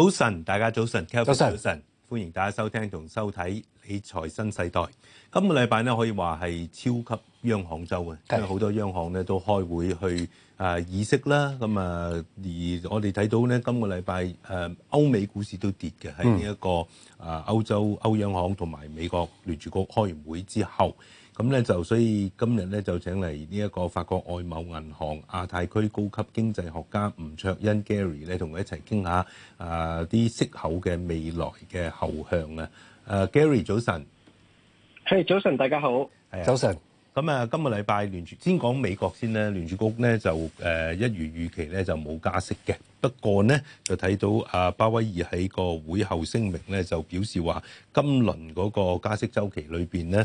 早晨，大家早晨，Kevin、早晨，早晨，早晨，歡迎大家收聽同收睇理財新世代。今個禮拜咧，可以話係超級央行周啊，因為好多央行咧都開會去啊議息啦。咁啊，而我哋睇到咧，今個禮拜誒，歐美股市都跌嘅，喺呢一個啊歐洲歐央行同埋美國聯儲局開完會之後。咁咧就所以今日咧就請嚟呢一個法國外貿銀行亞太區高級經濟學家吳卓殷 Gary 咧，同佢一齊傾下啊啲息口嘅未來嘅後向啊！誒 Gary 早晨，嘿早晨，大家好，早晨。咁啊，今個禮拜聯儲先講美國先咧，聯儲局咧就誒一如預期咧就冇加息嘅。不過咧就睇到阿鮑威爾喺個會後聲明咧就表示話，今輪嗰個加息週期裏邊咧，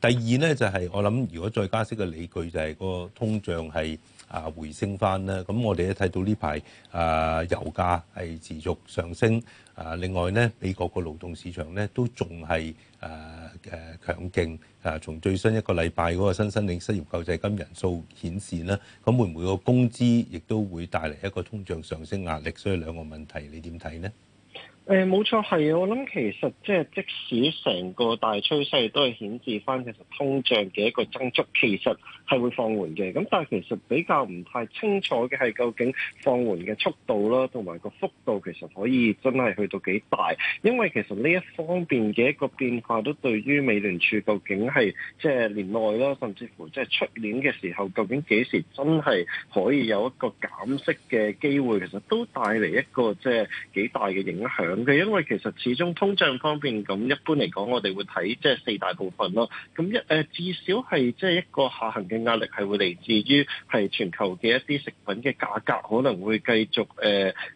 第二呢，就係、是、我諗，如果再加息嘅理據就係、是、個通脹係啊回升返啦。咁我哋呢睇到呢排啊油價係持續上升啊、呃。另外呢，美國個勞動市場呢都仲係誒誒強勁啊、呃。從最新一個禮拜嗰個新申領失業救濟金人數顯示啦，咁會唔會個工資亦都會帶嚟一個通脹上升壓力？所以兩個問題，你點睇呢？誒冇錯，係啊！我諗其實即係即使成個大趨勢都係顯示翻其實通脹嘅一個增速其實係會放緩嘅。咁但係其實比較唔太清楚嘅係究竟放緩嘅速度啦，同埋個幅度其實可以真係去到幾大。因為其實呢一方面嘅一個變化都對於美聯儲究竟係即係年內啦，甚至乎即係出年嘅時候，究竟幾時真係可以有一個減息嘅機會，其實都帶嚟一個即係幾大嘅影響。咁嘅，因為其實始終通脹方面咁，一般嚟講，我哋會睇即係四大部分咯。咁一誒，至少係即係一個下行嘅壓力係會嚟自於係全球嘅一啲食品嘅價格可能會繼續誒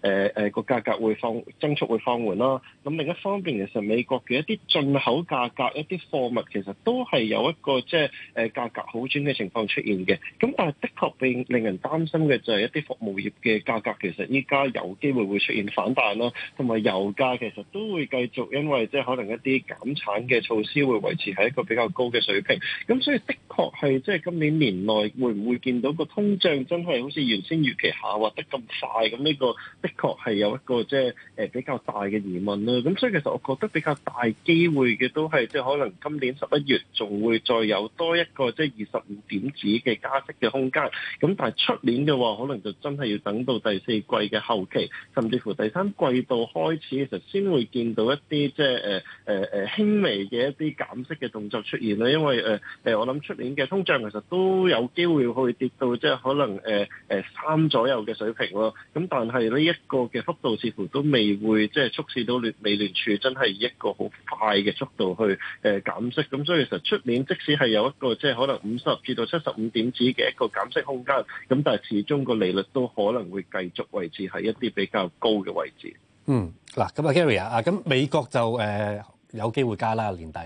誒誒個價格會放增速會放緩啦。咁另一方面，其實美國嘅一啲進口價格一啲貨物其實都係有一個即係誒價格好轉嘅情況出現嘅。咁但係的確令令人擔心嘅就係一啲服務業嘅價格，其實依家有機會會出現反彈咯，同埋有加其實都會繼續，因為即係可能一啲減產嘅措施會維持喺一個比較高嘅水平，咁所以的確係即係今年年內會唔會見到個通脹真係好似原先預期下滑得咁快咁？呢個的確係有一個即係誒比較大嘅疑問啦。咁所以其實我覺得比較大機會嘅都係即係可能今年十一月仲會再有多一個即係二十五點子嘅加息嘅空間。咁但係出年嘅話，可能就真係要等到第四季嘅後期，甚至乎第三季度開始。其實先會見到一啲即係誒誒誒輕微嘅一啲減息嘅動作出現啦，因為誒誒、呃，我諗出年嘅通脹其實都有機會去跌到即係可能誒誒、呃、三左右嘅水平咯。咁但係呢一個嘅幅度似乎都未會即係促使到聯美聯儲真係一個好快嘅速度去誒減息。咁所以其實出年即使係有一個即係可能五十至到七十五點子嘅一個減息空間，咁但係始終個利率都可能會繼續維持喺一啲比較高嘅位置。嗯，嗱，咁啊 Gary 啊，啊咁美國就誒、呃、有機會加啦年底，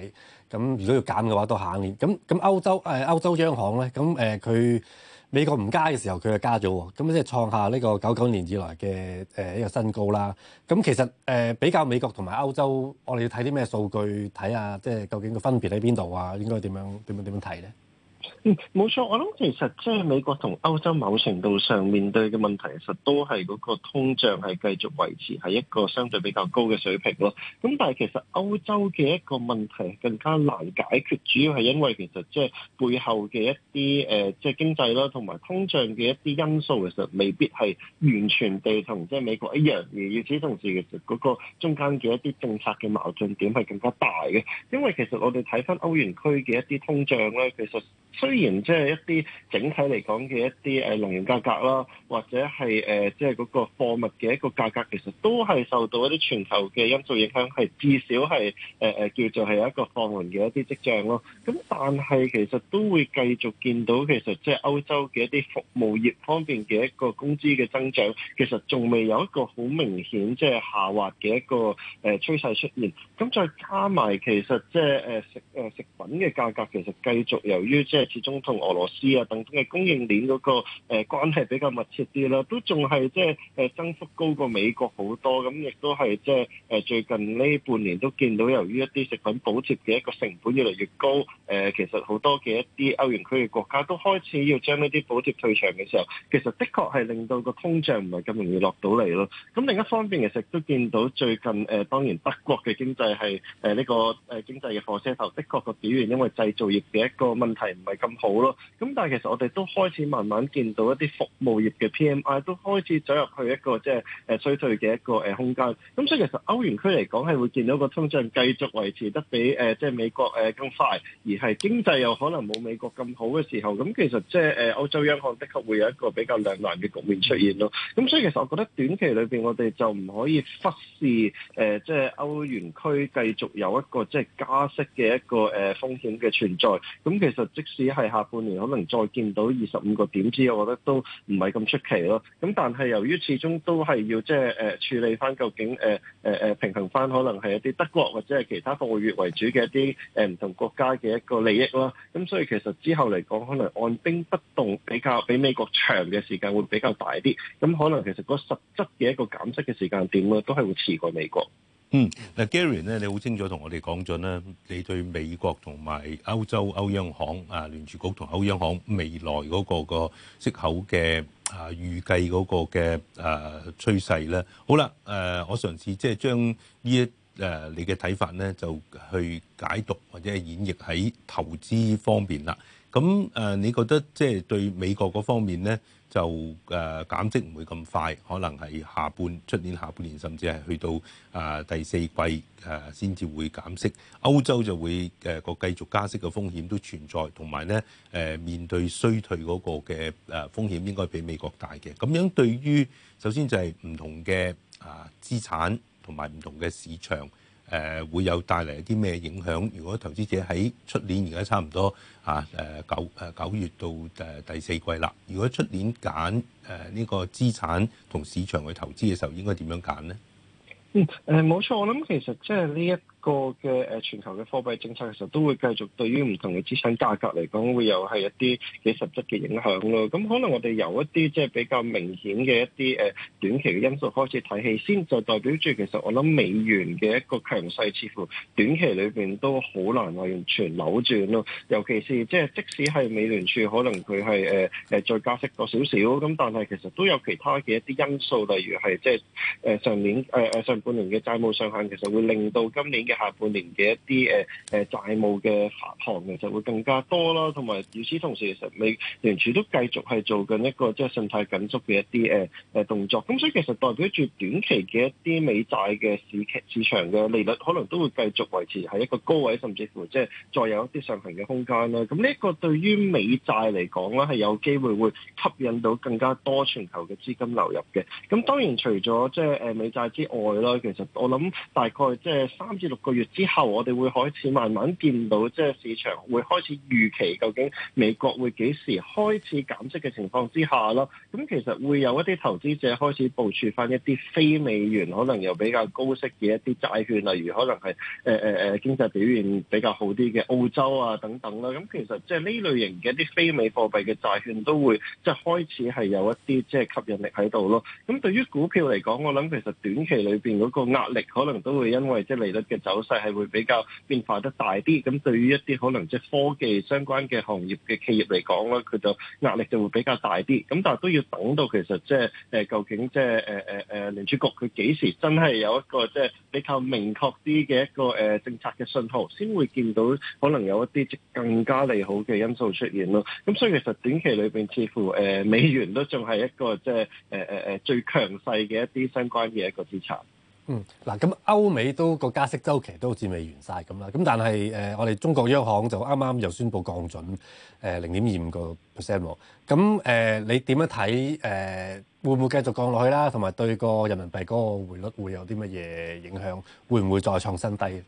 咁如果要減嘅話都下一年。咁咁歐洲誒、呃、歐洲央行咧，咁誒佢美國唔加嘅時候佢就加咗喎，咁即係創下呢個九九年以來嘅誒、呃、一個新高啦。咁其實誒、呃、比較美國同埋歐洲，我哋要睇啲咩數據睇下即係究竟個分別喺邊度啊？應該點樣點樣點樣睇咧？嗯，冇錯。我諗，其實即係美國同歐洲某程度上面對嘅問題，其實都係嗰個通脹係繼續維持喺一個相對比較高嘅水平咯。咁但係其實歐洲嘅一個問題更加難解決，主要係因為其實即係背後嘅一啲誒，即、呃、係經濟啦，同埋通脹嘅一啲因素，其實未必係完全地同即係美國一樣嘅。而與此同時，其實嗰個中間嘅一啲政策嘅矛盾點係更加大嘅。因為其實我哋睇翻歐元區嘅一啲通脹咧，其實。雖然即係一啲整體嚟講嘅一啲誒能源價格啦，或者係誒即係嗰個貨物嘅一個價格，其實都係受到一啲全球嘅因素影響，係至少係誒誒叫做係有一個放緩嘅一啲跡象咯。咁但係其實都會繼續見到，其實即係歐洲嘅一啲服務業方面嘅一個工資嘅增長，其實仲未有一個好明顯即係下滑嘅一個誒趨勢出現。咁再加埋其實即係誒食誒食品嘅價格，其實繼續由於即係。中同俄羅斯啊等等嘅供應鏈嗰個誒關係比較密切啲啦，都仲係即係誒增幅高過美國好多，咁亦都係即係誒最近呢半年都見到，由於一啲食品補貼嘅一個成本越嚟越高，誒其實好多嘅一啲歐元區嘅國家都開始要將呢啲補貼退場嘅時候，其實的確係令到個通脹唔係咁容易落到嚟咯。咁另一方面其實都見到最近誒當然德國嘅經濟係誒呢個誒經濟嘅火車頭的確個表現，因為製造業嘅一個問題唔係咁。咁好咯，咁但係其實我哋都開始慢慢見到一啲服務業嘅 PMI 都開始走入去一個即係誒衰退嘅一個誒空間，咁所以其實歐元區嚟講係會見到個通脹繼續維持得比誒即係美國誒更快，而係經濟又可能冇美國咁好嘅時候，咁其實即係誒歐洲央行的確會有一個比較兩難嘅局面出現咯，咁所以其實我覺得短期裏邊我哋就唔可以忽視誒即係歐元區繼續有一個即係加息嘅一個誒風險嘅存在，咁其實即使係下半年可能再見到二十五個點之後，我覺得都唔係咁出奇咯。咁但係由於始終都係要即係誒處理返，究竟誒誒誒平衡返，可能係一啲德國或者係其他服務業為主嘅一啲誒唔同國家嘅一個利益咯。咁所以其實之後嚟講，可能按兵不動比較比美國長嘅時間會比較大啲。咁可能其實個實質嘅一個減息嘅時間點咧，都係會遲過美國。嗯，嗱 Gary 咧，你好清楚同我哋講咗咧，你對美國同埋歐洲，歐央行啊、聯儲局同歐央行未來嗰個個息口嘅啊預計嗰個嘅啊趨勢咧，好啦，誒我嘗試即係將呢一誒你嘅睇法咧，就去解讀或者係演繹喺投資方面啦。咁誒，你覺得即係對美國嗰方面咧？就誒減息唔會咁快，可能係下半出年下半年，甚至係去到誒第四季誒先至會減息。歐洲就會誒個繼續加息嘅風險都存在，同埋咧誒面對衰退嗰個嘅誒風險應該比美國大嘅。咁樣對於首先就係唔同嘅啊資產同埋唔同嘅市場。誒會有帶嚟啲咩影響？如果投資者喺出年而家差唔多嚇誒九誒九月到誒第四季啦，如果出年揀誒呢個資產同市場去投資嘅時候，應該點樣揀呢？嗯誒，冇錯，我諗其實即係呢一。個嘅誒全球嘅貨幣政策其實都會繼續對於唔同嘅資產價格嚟講會有係一啲幾實質嘅影響咯。咁可能我哋由一啲即係比較明顯嘅一啲誒短期嘅因素開始睇起先，就代表住其實我諗美元嘅一個強勢似乎短期裏邊都好難話完全扭轉咯。尤其是即係即使係美聯儲可能佢係誒誒再加息多少少咁，但係其實都有其他嘅一啲因素，例如係即係誒上年誒誒上半年嘅債務上限其實會令到今年。嘅下半年嘅一啲誒誒債務嘅發行其實會更加多啦，同埋與此同時，其實美聯儲都繼續係做緊一個即係信貸緊縮嘅一啲誒誒動作。咁所以其實代表住短期嘅一啲美債嘅市市場嘅利率可能都會繼續維持喺一個高位，甚至乎即係再有一啲上行嘅空間啦。咁呢個對於美債嚟講咧，係有機會會吸引到更加多全球嘅資金流入嘅。咁當然除咗即係誒美債之外啦，其實我諗大概即係三至六。個月之後，我哋會開始慢慢見到，即係市場會開始預期究竟美國會幾時開始減息嘅情況之下咯。咁其實會有一啲投資者開始部署返一啲非美元，可能又比較高息嘅一啲債券，例如可能係誒誒誒經濟表現比較好啲嘅澳洲啊等等啦。咁其實即係呢類型嘅一啲非美貨幣嘅債券都會即係開始係有一啲即係吸引力喺度咯。咁對於股票嚟講，我諗其實短期裏邊嗰個壓力可能都會因為即係利率嘅。走勢係會比較變化得大啲，咁對於一啲可能即係科技相關嘅行業嘅企業嚟講咧，佢就壓力就會比較大啲。咁但係都要等到其實即係誒究竟即係誒誒誒聯儲局佢幾時真係有一個即係比較明確啲嘅一個誒政策嘅信號，先會見到可能有一啲即更加利好嘅因素出現咯。咁所以其實短期裏邊似乎誒、呃、美元都仲係一個即係誒誒誒最強勢嘅一啲相關嘅一個資產。嗯，嗱，咁歐美都個加息周期都好似未完晒咁啦，咁但係誒、呃，我哋中國央行就啱啱又宣布降準，誒零點二五個 percent 喎。咁誒、呃，你點樣睇？誒、呃、會唔會繼續降落去啦？同埋對個人民幣嗰個匯率會有啲乜嘢影響？會唔會再創新低？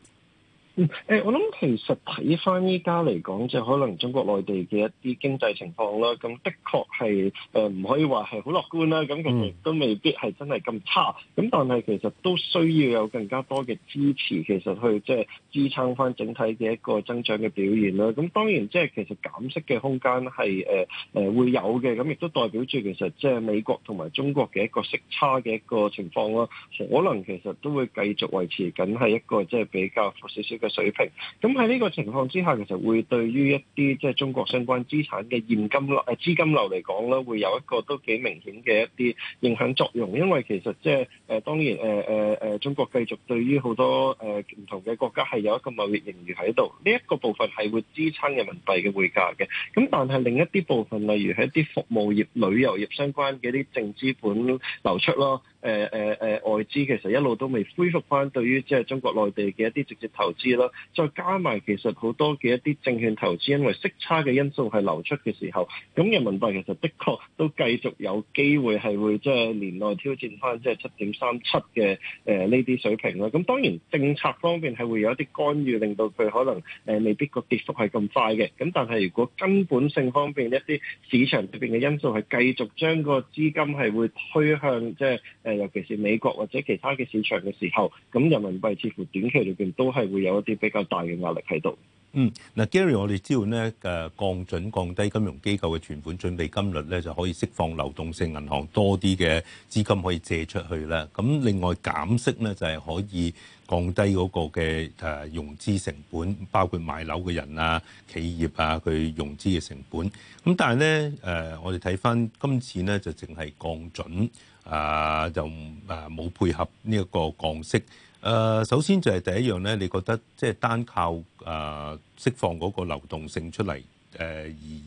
嗯，欸、我諗其實睇翻依家嚟講，就可能中國內地嘅一啲經濟情況啦，咁的確係誒唔可以話係好樂觀啦，咁其實都未必係真係咁差，咁但係其實都需要有更加多嘅支持，其實去即係、呃、支撐翻整體嘅一個增長嘅表現啦。咁當然即係、呃、其實減息嘅空間係誒誒會有嘅，咁亦都代表住其實即係、呃、美國同埋中國嘅一個息差嘅一個情況啦，可能其實都會繼續維持緊係一個即係、呃、比較少少，少嘅水平，咁喺呢個情況之下，其實會對於一啲即係中國相關資產嘅現金流、誒資金流嚟講咧，會有一個都幾明顯嘅一啲影響作用。因為其實即係誒當然誒誒誒，中國繼續對於好多誒唔同嘅國家係有一個貿易盈餘喺度，呢一個部分係會支撐人民幣嘅匯價嘅。咁但係另一啲部分，例如係一啲服務業、旅遊業相關嘅啲淨資本流出咯。誒誒誒，外資其實一路都未恢復翻對於即係中國內地嘅一啲直接投資啦，再加埋其實好多嘅一啲證券投資，因為息差嘅因素係流出嘅時候，咁人民幣其實的確都繼續有機會係會即係年內挑戰翻即係七點三七嘅誒呢啲水平啦。咁當然政策方面係會有一啲干預，令到佢可能誒未必個跌幅係咁快嘅。咁但係如果根本性方面一啲市場裏邊嘅因素係繼續將個資金係會推向即係尤其是美國或者其他嘅市場嘅時候，咁人民幣似乎短期裏邊都係會有一啲比較大嘅壓力喺度。嗯，嗱 Gary，我哋知道呢，誒降準降低金融機構嘅存款準備金率咧，就可以釋放流動性，銀行多啲嘅資金可以借出去啦。咁另外減息呢，就係可以降低嗰個嘅誒融資成本，包括買樓嘅人啊、企業啊佢融資嘅成本。咁但係呢，誒，我哋睇翻今次呢，就淨係降準。啊，就啊冇配合呢一個降息。誒、啊，首先就係第一樣咧，你覺得即係單靠啊釋放嗰個流動性出嚟，誒、啊、而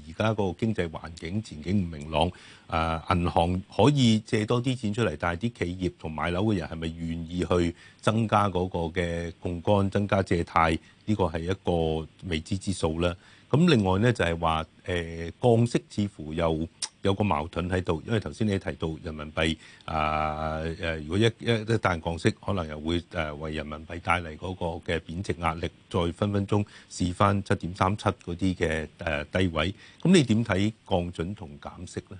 而家嗰個經濟環境前景唔明朗，啊銀行可以借多啲錢出嚟，但係啲企業同買樓嘅人係咪願意去增加嗰個嘅槓桿、增加借貸？呢個係一個未知之數啦。咁另外呢，就係話，誒降息，似乎又有，有個矛盾喺度，因為頭先你提到人民幣啊誒，如果一一一旦降息，可能又會誒為人民幣帶嚟嗰個嘅貶值壓力，再分分鐘試返七點三七嗰啲嘅誒低位。咁你點睇降準同減息呢？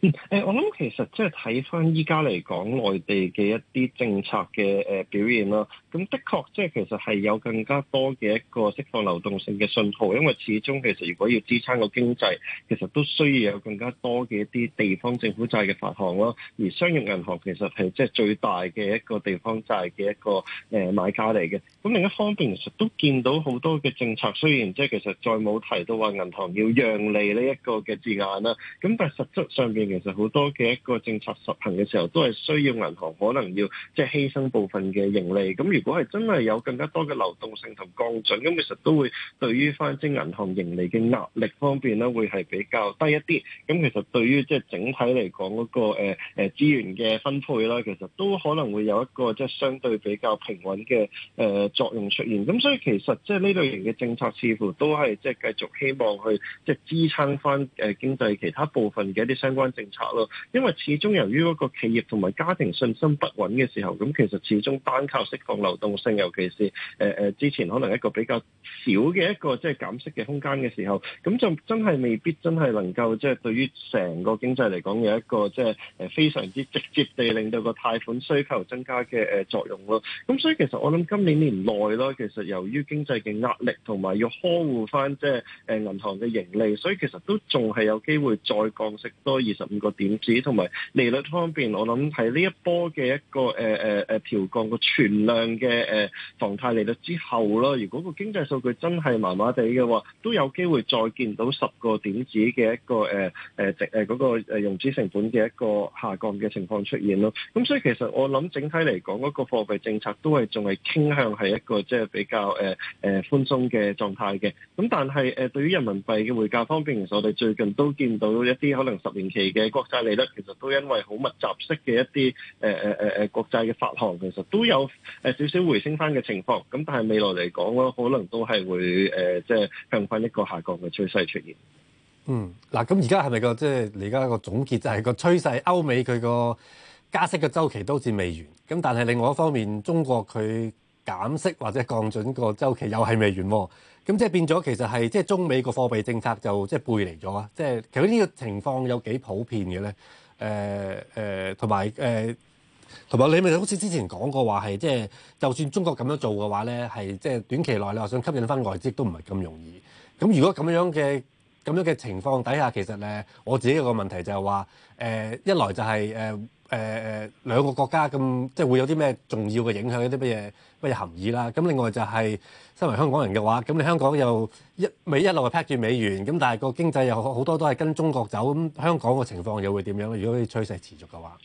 嗯，誒，我諗其實即係睇翻依家嚟講，內地嘅一啲政策嘅誒表現啦，咁的確即係其實係有更加多嘅一個釋放流動性嘅信號，因為始終其實如果要支撐個經濟，其實都需要有更加多嘅一啲地方政府債嘅發行咯。而商業銀行其實係即係最大嘅一個地方債嘅一個誒買家嚟嘅。咁另一方面，其實都見到好多嘅政策，雖然即係其實再冇提到話銀行要讓利呢一個嘅字眼啦，咁但係實質上。上邊其實好多嘅一個政策實行嘅時候，都係需要銀行可能要即係犧牲部分嘅盈利。咁如果係真係有更加多嘅流動性同降準，咁其實都會對於翻即銀行盈利嘅壓力方面咧，會係比較低一啲。咁其實對於即係整體嚟講嗰個誒誒資源嘅分配啦，其實都可能會有一個即係相對比較平穩嘅誒作用出現。咁所以其實即係呢類型嘅政策，似乎都係即係繼續希望去即係支撐翻誒經濟其他部分嘅一啲相關政策咯，因為始終由於一個企業同埋家庭信心不穩嘅時候，咁其實始終單靠釋放流動性，尤其是誒誒、呃、之前可能一個比較小嘅一個即係減息嘅空間嘅時候，咁就真係未必真係能夠即係對於成個經濟嚟講有一個即係誒非常之直接地令到個貸款需求增加嘅誒作用咯。咁所以其實我諗今年年內咯，其實由於經濟嘅壓力同埋要呵護翻即係誒銀行嘅盈利，所以其實都仲係有機會再降息多二十五個點子，同埋利率方面，我諗喺呢一波嘅一個誒誒誒調降個存量嘅誒房貸利率之後咯，如果個經濟數據真係麻麻地嘅話，都有機會再見到十個點子嘅一個誒誒值誒嗰個融資成本嘅一個下降嘅情況出現咯。咁、呃、所以其實我諗整體嚟講，嗰、那個貨幣政策都係仲係傾向係一個即係比較誒誒、呃呃、寬鬆嘅狀態嘅。咁但係誒、呃、對於人民幣嘅匯價方面，其實我哋最近都見到一啲可能十年期嘅國債利率其實都因為好密集式嘅一啲誒誒誒誒國債嘅發行，其實都有誒少少回升翻嘅情況。咁但係未來嚟講咯，可能都係會誒即係向快一個下降嘅趨勢出現。嗯，嗱，咁而家係咪個即係而家個總結就係個趨勢？歐美佢個加息嘅周期都好似未完。咁但係另外一方面，中國佢，減息或者降準個周期又係未完喎，咁即係變咗其實係即係中美個貨幣政策就即係背離咗啊！即係其實呢個情況有幾普遍嘅咧？誒、呃、誒，同埋誒，同埋、呃、你咪好似之前講過話係即係，就算中國咁樣做嘅話咧，係即係短期內你話想吸引翻外資都唔係咁容易。咁如果咁樣嘅咁樣嘅情況底下，其實咧我自己有個問題就係話誒一來就係誒誒誒兩個國家咁即係會有啲咩重要嘅影響一啲乜嘢？乜嘢含義啦？咁另外就係身為香港人嘅話，咁你香港又一味一路係 peg 住美元，咁但係個經濟又好多都係跟中國走，咁香港個情況又會點樣咧？如果啲趨勢持續嘅話，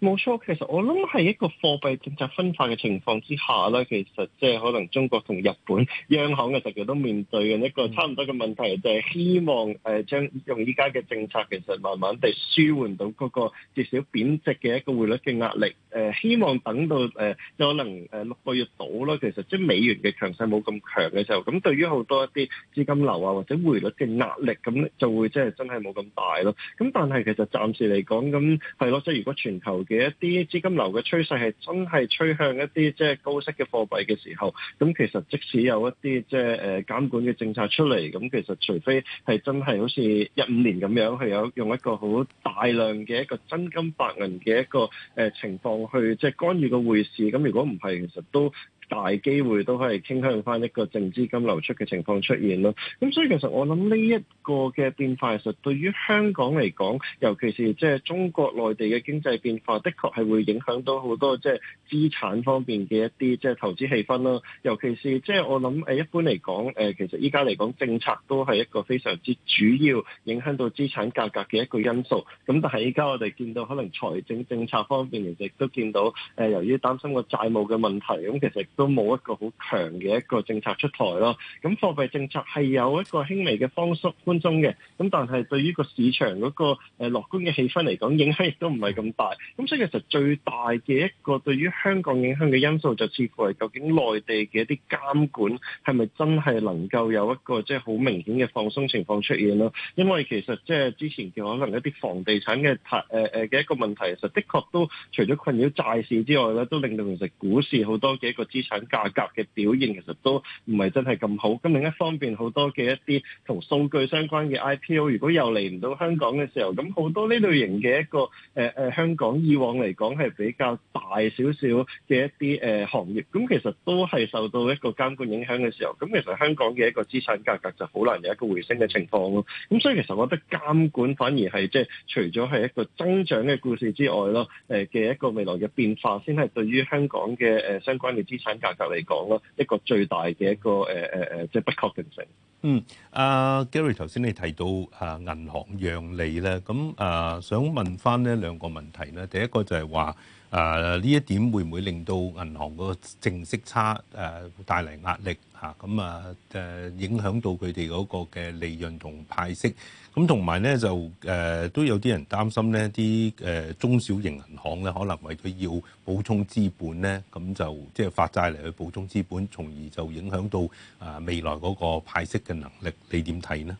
冇錯、嗯，其實我諗係一個貨幣政策分化嘅情況之下咧，其實即係可能中國同日本央行嘅其實都面對緊一個差唔多嘅問題，就係、是、希望誒將、呃、用依家嘅政策其實慢慢地舒緩到嗰個至少貶值嘅一個匯率嘅壓力。誒、呃，希望等到誒有、呃、可能誒六個月。好啦，其實即係美元嘅強勢冇咁強嘅時候，咁對於好多一啲資金流啊或者匯率嘅壓力，咁就會即係真係冇咁大咯。咁但係其實暫時嚟講，咁係咯，即係如果全球嘅一啲資金流嘅趨勢係真係趨向一啲即係高息嘅貨幣嘅時候，咁其實即使有一啲即係誒監管嘅政策出嚟，咁其實除非係真係好似一五年咁樣，係有用一個好大量嘅一個真金白銀嘅一個誒情況去即係干預個匯市，咁如果唔係，其實都。大機會都係傾向翻一個正資金流出嘅情況出現咯。咁所以其實我諗呢一個嘅變化，其實對於香港嚟講，尤其是即係中國內地嘅經濟變化，的確係會影響到好多即係資產方面嘅一啲即係投資氣氛咯。尤其是即係我諗誒，一般嚟講誒，其實依家嚟講政策都係一個非常之主要影響到資產價格嘅一個因素。咁但係依家我哋見到可能財政政策方面其實亦都見到誒、呃，由於擔心個債務嘅問題，咁其實。都冇一個好強嘅一個政策出台咯，咁貨幣政策係有一個輕微嘅放鬆寬鬆嘅，咁但係對於個市場嗰個、那個誒、呃、樂觀嘅氣氛嚟講影響亦都唔係咁大。咁所以其實最大嘅一個對於香港影響嘅因素，就似乎係究竟內地嘅一啲監管係咪真係能夠有一個即係好明顯嘅放鬆情況出現咯？因為其實即係之前嘅可能一啲房地產嘅誒誒嘅一個問題，其實的確都除咗困擾債市之外咧，都令到其實股市好多嘅一個支持。產價格嘅表現其實都唔係真係咁好，咁另一方面好多嘅一啲同數據相關嘅 IPO，如果又嚟唔到香港嘅時候，咁好多呢類型嘅一個誒誒、呃、香港以往嚟講係比較大少少嘅一啲誒、呃、行業，咁其實都係受到一個監管影響嘅時候，咁其實香港嘅一個資產價格就好難有一個回升嘅情況咯。咁所以其實我覺得監管反而係即係除咗係一個增長嘅故事之外咯，誒、呃、嘅一個未來嘅變化先係對於香港嘅誒、呃、相關嘅資產。格局嚟講啦，一個最大嘅一個誒誒誒，即係不確定性。嗯，阿、uh, Gary 頭先你提到啊，銀行讓利咧，咁啊，想問翻呢兩個問題咧。第一個就係話，啊呢一點會唔會令到銀行個淨息差誒、啊、帶嚟壓力嚇？咁啊誒、啊、影響到佢哋嗰個嘅利潤同派息？咁同埋咧就誒都有啲人擔心咧，啲誒中小型銀行咧可能為咗要補充資本咧，咁就即係發債嚟去補充資本，從而就影響到啊未來嗰個派息嘅能力，你點睇呢？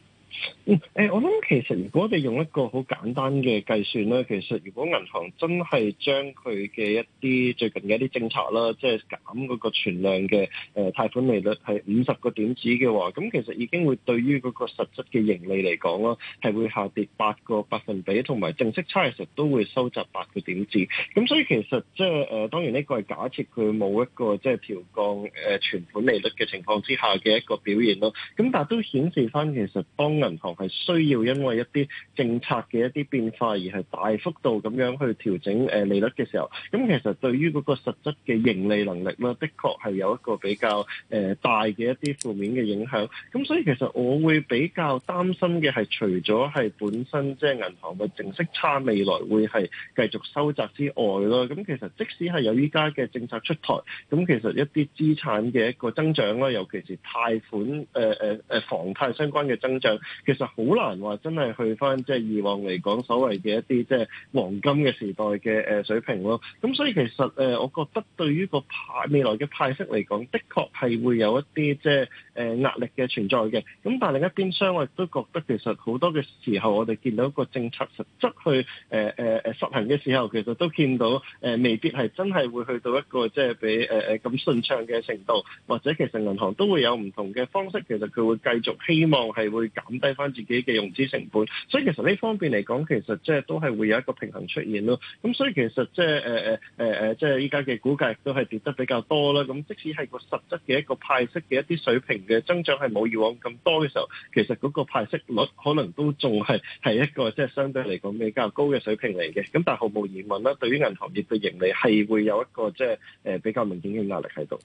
嗯，誒，我諗其實如果我哋用一個好簡單嘅計算咧，其實如果銀行真係將佢嘅一啲最近嘅一啲政策啦，即係減嗰個存量嘅誒、呃、貸款利率係五十個點子嘅話，咁其實已經會對於嗰個實質嘅盈利嚟講啦，係會下跌八個百分比，同埋淨息差其實都會收窄八個點子。咁所以其實即係誒，當然呢個係假設佢冇一個即係調降誒存款利率嘅情況之下嘅一個表現咯。咁但係都顯示翻其實當。銀行係需要因為一啲政策嘅一啲變化而係大幅度咁樣去調整誒利率嘅時候，咁其實對於嗰個實質嘅盈利能力咧，的確係有一個比較誒大嘅一啲負面嘅影響。咁所以其實我會比較擔心嘅係除咗係本身即係銀行嘅淨息差未來會係繼續收窄之外咯，咁其實即使係有依家嘅政策出台，咁其實一啲資產嘅一個增長啦，尤其是貸款誒誒誒房貸相關嘅增長。其實好難話真係去返即係以往嚟講所謂嘅一啲即係黃金嘅時代嘅誒水平咯。咁所以其實誒，我覺得對於個派未來嘅派息嚟講，的確係會有一啲即係誒壓力嘅存在嘅。咁但係另一邊，相反我亦都覺得其實好多嘅時候，我哋見到一個政策實質去誒誒誒執行嘅時候，其實都見到誒未必係真係會去到一個即係比誒誒咁順暢嘅程度，或者其實銀行都會有唔同嘅方式，其實佢會繼續希望係會減低翻自己嘅融資成本，所以其實呢方面嚟講，其實即係都係會有一個平衡出現咯。咁所以其實即係誒誒誒誒，即係依家嘅股價都係跌得比較多啦。咁即使係個實質嘅一個派息嘅一啲水平嘅增長係冇以往咁多嘅時候，其實嗰個派息率可能都仲係係一個即係相對嚟講比較高嘅水平嚟嘅。咁但係毫無疑問啦，對於銀行業嘅盈利係會有一個即係誒比較明顯嘅壓力喺度。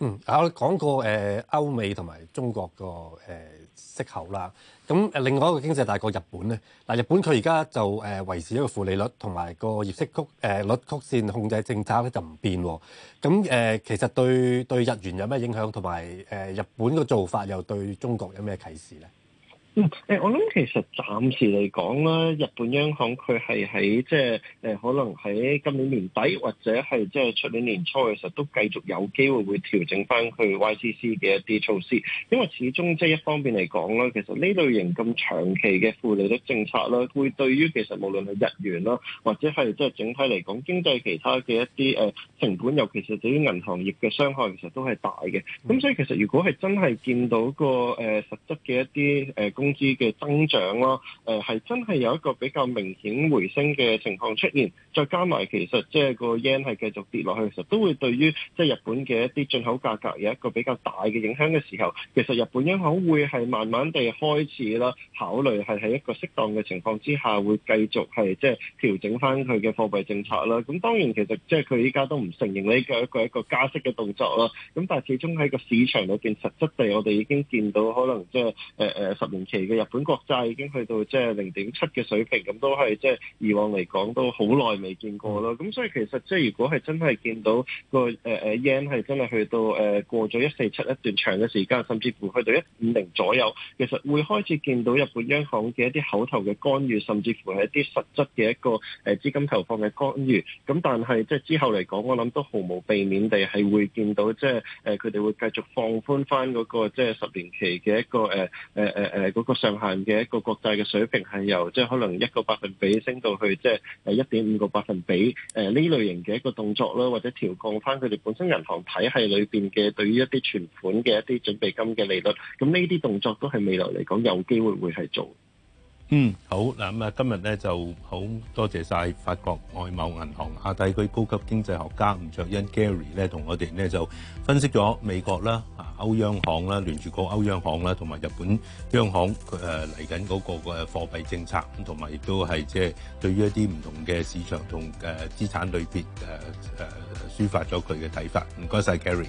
嗯，我講過誒、呃、歐美同埋中國個誒，呃息口啦，咁誒另外一個經濟大國日本咧，嗱，日本佢而家就誒、呃、維持一個負利率同埋個業息曲誒、呃、率曲線控制政策咧就唔變，咁誒、呃、其實對對日元有咩影響，同埋誒日本個做法又對中國有咩啟示咧？嗯，誒，我諗其實暫時嚟講啦，日本央行佢係喺即係誒，可能喺今年年底或者係即係出年年初嘅時候，都繼續有機會會調整翻佢 YCC 嘅一啲措施，因為始終即係一方面嚟講啦，其實呢類型咁長期嘅負利率政策啦，會對於其實無論係日元啦，或者係即係整體嚟講經濟其他嘅一啲誒成本，尤其是對於銀行業嘅傷害，其實都係大嘅。咁、嗯、所以其實如果係真係見到個誒、呃、實質嘅一啲誒供工資嘅增長咯，誒，係真係有一個比較明顯回升嘅情況出現，再加埋其實即係個 yen 係繼續跌落去，其實都會對於即係日本嘅一啲進口價格有一個比較大嘅影響嘅時候，其實日本央行會係慢慢地開始啦，考慮係喺一個適當嘅情況之下，會繼續係即係調整翻佢嘅貨幣政策啦。咁當然其實即係佢依家都唔承認呢個一個一個加息嘅動作啦。咁但係始終喺個市場裏邊實質地我哋已經見到可能即係誒誒十年前。嘅日本國債已經去到即係零點七嘅水平，咁都係即係以往嚟講都好耐未見過咯。咁所以其實即係如果係真係見到個誒誒 yen 係真係去到誒、呃、過咗一四七一段長嘅時間，甚至乎去到一五零左右，其實會開始見到日本央行嘅一啲口頭嘅干預，甚至乎係一啲實質嘅一個誒資金投放嘅干預。咁但係即係之後嚟講，我諗都毫無避免地係會見到即係誒佢哋會繼續放寬返、那、嗰個即係十年期嘅一個誒誒誒誒。呃呃呃呃呃嗰個上限嘅一個國債嘅水平係由即係可能一個百分比升到去即係誒一點五個百分比誒呢類型嘅一個動作啦，或者調降翻佢哋本身銀行體系裏邊嘅對於一啲存款嘅一啲準備金嘅利率，咁呢啲動作都係未來嚟講有機會會係做。嗯，好嗱，咁啊，今日咧就好多謝晒法國外貿銀行亞太區高級經濟學家吳卓殷 Gary 咧，同我哋咧就分析咗美國啦、啊歐央行啦、聯儲局歐央行啦，同埋日本央行佢誒嚟緊嗰個嘅貨幣政策咁，同埋亦都係即係對於一啲唔同嘅市場同誒資產類別誒誒抒發咗佢嘅睇法。唔該晒 Gary。